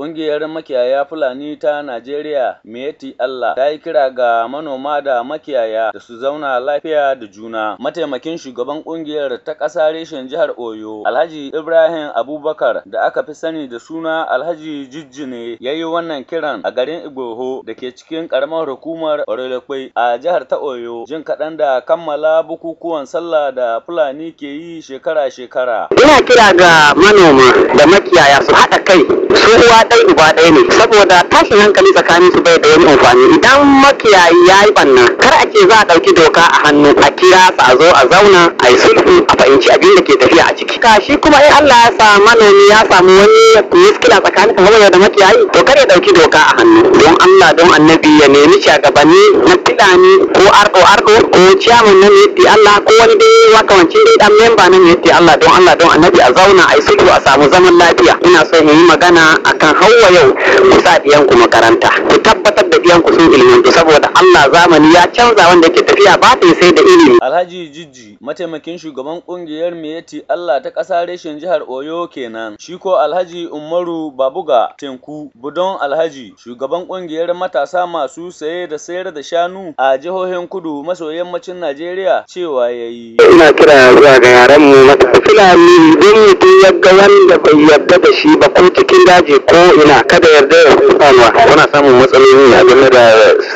Ƙungiyar makiyaya Fulani ta Najeriya Meti Allah ta yi kira ga manoma da makiyaya da su zauna lafiya da juna. Mataimakin shugaban ƙungiyar ta ƙasa reshen jihar Oyo, Alhaji Ibrahim Abubakar da aka fi sani da suna Alhaji Jijjine ya yi wannan kiran a garin Igboho da ke cikin ƙaramar hukumar Orelekwai a jihar ta Oyo jin kaɗan da kammala bukukuwan sallah da Fulani ke yi shekara-shekara. Ina kira ga manoma da makiyaya su haɗa kai su ɗai uba ɗaya ne saboda tashin hankali tsakanin su bai da wani amfani idan makiyayi ya yi banna kar a ce za a ɗauki doka a hannu a kira sa a zo a zauna a yi sulhu a fahimci abin da ke tafiya a ciki kashi kuma in Allah ya sa manomi ya samu wani muskila tsakanin kamar da makiyayi to kar ya ɗauki doka a hannu don Allah don annabi ya nemi shagabanni na filani ko arko-arko, ko ciyaman na yadda Allah ko wani dai wakamancin dai dan memba na yadda Allah don Allah don annabi a zauna a yi sulhu a samu zaman lafiya ina so mu yi magana akan hawa yau ku sa ɗiyanku makaranta ku tabbatar da ɗiyanku sun ilmantu saboda Allah zamani ya canza wanda ke tafiya ba ta sai da ilimi. Alhaji Jijji mataimakin shugaban kungiyar Miyeti Allah ta ƙasa reshen jihar Oyo kenan shi ko Alhaji Umaru Babuga tinku Budon Alhaji shugaban kungiyar matasa masu saye da sayar da shanu a jihohin kudu maso yammacin Najeriya cewa yayi. Ina kira zuwa ga yaran mu matasa Fulani don mutum ya ga wanda bai yarda da shi ba ko cikin daji ko ko ina kada yarda ya sai sanuwa kuna samun matsaloli a game da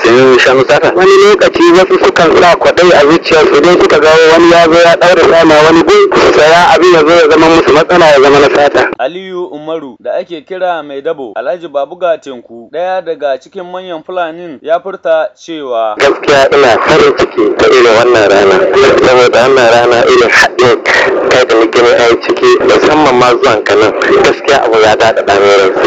sayan shanu sata wani lokaci wasu sukan sa kwadai a su don suka gawo wani ya zo ya daura sama wani gun saya abin ya zo ya zama musu matsala ya zama na sata Aliyu Umaru da ake kira mai dabo Alhaji Babuga Tinku daya daga cikin manyan Fulanin ya furta cewa gaskiya ina farin ciki ta irin wannan rana saboda wannan rana irin haɗin kai da ligini a yi ciki musamman ma zuwan kanan gaskiya abu ya da da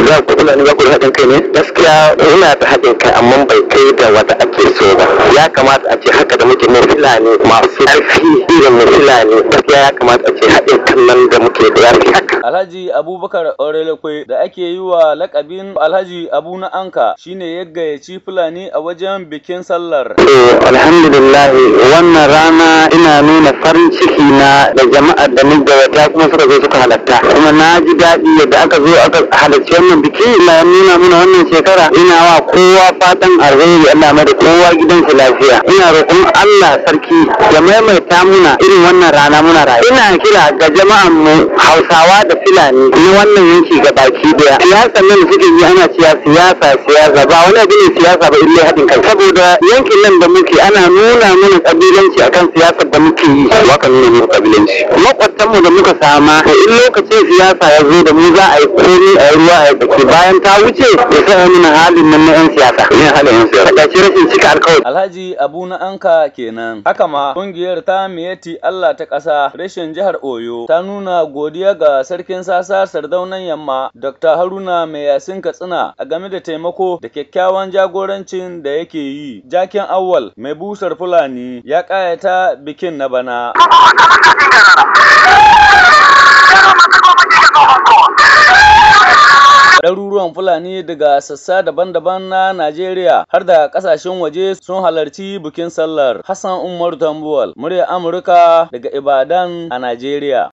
za ku kula ni za ku haɗin kai ne gaskiya ina da haɗin kai amma bai kai da wata ake so ba ya kamata a ce haka da muke mu filani masu ƙarfi irin mu filani gaskiya ya kamata a ce haɗin kan nan da muke da ya fi haka. Alhaji Abubakar Orelekwe da ake yi wa lakabin Alhaji Abu na Anka shine ya gayyaci Fulani a wajen bikin sallar. Eh alhamdulillah wannan rana ina nuna farin ciki na da jama'ar da wata kuma suka zo suka halatta kuma na ji daɗi yadda aka zo aka halarci wannan biki na nuna mana wannan shekara ina wa kowa fatan alheri Allah mai da kowa gidansa lafiya ina roƙon Allah sarki ya maimaita muna irin wannan rana muna rayu ina kira ga jama'an mu Hausawa da Fulani na wannan yanki ga baki daya siyasa nan suke yi ana cewa siyasa siyasa ba wani abin siyasa ba illai hadin kai saboda yankin nan da muke ana nuna mana kabilanci akan siyasar da muke yi waka nuna mu kabilanci makwabtan da muka sama A in lokacin siyasa ya zo da mu za a yi komi a ruwa a yi bayan ta wuce ya sai nuna halin nan na yan siyasa ne halin yan siyasa da ce rashin cika alƙawari. alhaji abu na anka kenan haka ma ƙungiyar ta miyati Allah ta ƙasa rashin jihar Oyo ta nuna godiya ga sarkin sasa sardaunan yamma Dr. Haruna mai yasin Katsina a game da taimako da kyakkyawan jagorancin da yake yi jakin awwal mai busar Fulani ya ƙayata bikin na bana. ɗaruruwan Fulani daga sassa daban-daban na Najeriya har da ƙasashen waje sun halarci bikin sallar. Hassan Umar Tambuwal, murya Amurka daga Ibadan a Najeriya.